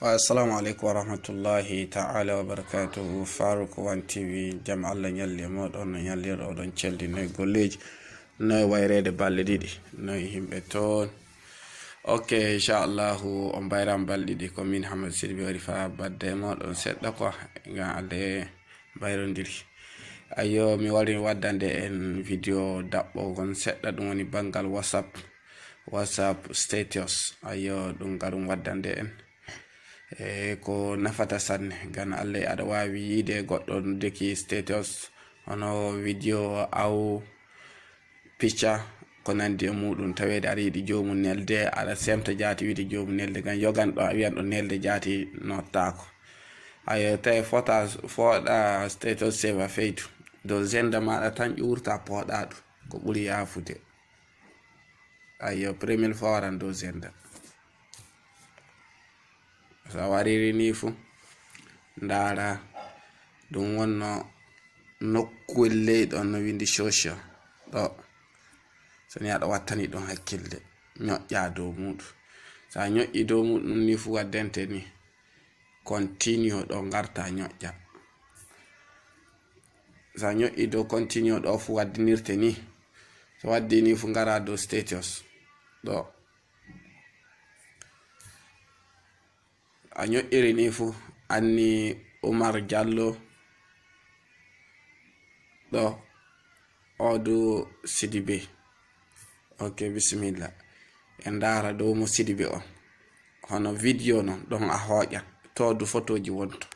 assalamu aleykum wa rahmatullahi taala wabarakatuhu faruk wan tv jaam allah ñalli e moɗon no ñallir oɗon celdi noy golleji noy wayrede balɗe ɗiɗi noy yimɓe toon ok inchallahu o mbayram balɗe ɗiɗi commune hamad sidibi wari fa badde e moɗon seɗɗa quoi ga alde mbayrodiri ayo mi wari waddande en vidéo daɓɓo kon seɗɗa ɗum woni banggal whatsapp whatsapp status ayo ɗum garum waddande en e ko nafata sanne gan allah aɗa wawi yiide goɗɗo deki status hono vidéo aw picca ko nandi e muɗum tawede aɗa yiiɗi jomum nelde aɗa semta jaati wiide jomum nelde gan yogan ɗo a wiyan ɗo nelde jaati nottako ay tawi fota foɗa status seva feytu do zenda maɗa tan ƴuurta pooɗa ɗu ko ɓuuri yaafude ay premier fowaran do zenda wariri n'ifu ndị agha ɗum wonno nokkuwel ley ɗon no windi social ɗo ni aɗa wattani ɗon hakkille ñoƴƴa dow muɗum so a ñoƴƴi dow muɗum ni fu waddente ni continue ɗo garta ñoƴƴa so a ñoƴƴi dow continue ɗo fu waddinirte ni so waddi ni fu gara dow status ɗo Anyo Erenifu anni Omar Diallo do odu Sidibe ok Bismillah, en ndara dow mo Sidibe on hono video non don a hooƴa to du photoji wonto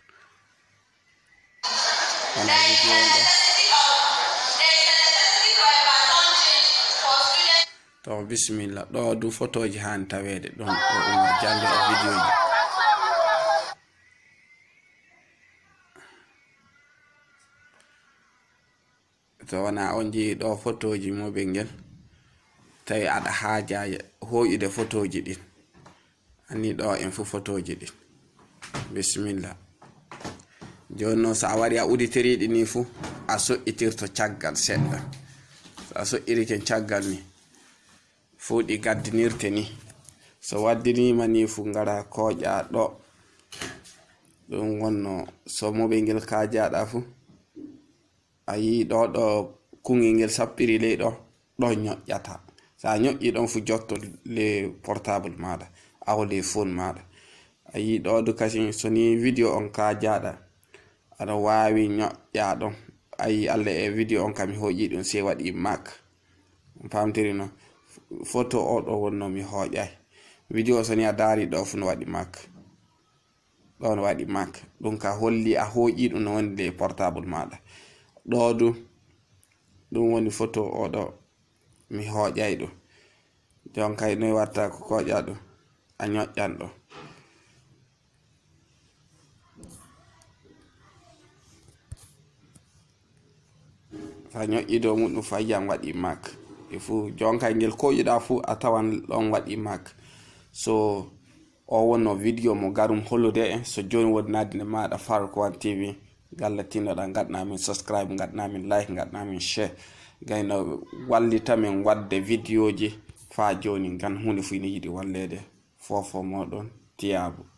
hono video on ɗo to bisimilla ɗo du photoji hani tawede ɗon ɗo Omar Diallo e video ji so wona on jeyi ɗo photoji muɓel ngel tawi aɗa haaja hoƴude photoji ɗin anni ɗo en fu photoji ɗin bisimillah joni noon so a wari a uditiriɗi ni fuu a soƴƴitirto caggal seɗɗa so a soƴƴiriken caggal ni fuu ɗi gaddinirte ni so waddinima ni fuu gara kooƴa ɗo ɗum wonno so moɓel ngel kajaɗa fuu a yi ɗo ɗo kugelngel sappiri ley ɗo ɗon ñoƴƴata so a ñoƴƴi ɗon fu jotto le portable maɗa awa le fone maɗa a yi ɗo ɗo kasi so ni vidéo on ka jaɗa aɗa wawi ñoƴƴa ɗon ayi allah e vidéo on kam mi hoƴƴi ɗum sei waɗi mak famtiri non photo o ɗo wonno mi hoƴay vidéo so ni a daari ɗo fu no waɗi mak ɗon waɗi mak ɗum ka holli a hoƴƴi ɗum no wondi le portable maɗa ɗo du ɗum woni foto oɗo mi hoƴay ɗum jonkay noy watta ko koƴa ɗum a ñoƴƴan ɗo sa ñoƴƴi dow muɗum fa yiyan waɗi mak e fu jonkay ngel koƴuɗa fu a tawan ɗon waɗi mak so o wonno video mo garum hollude en so joni wodi nadine maɗa farkoan tv allah tinnoɗa min subscribe min like min share gayno wallita min wadde vidéo ji fa joni gan hunde fu ine yiɗi wallede fofo moɗon tiyabo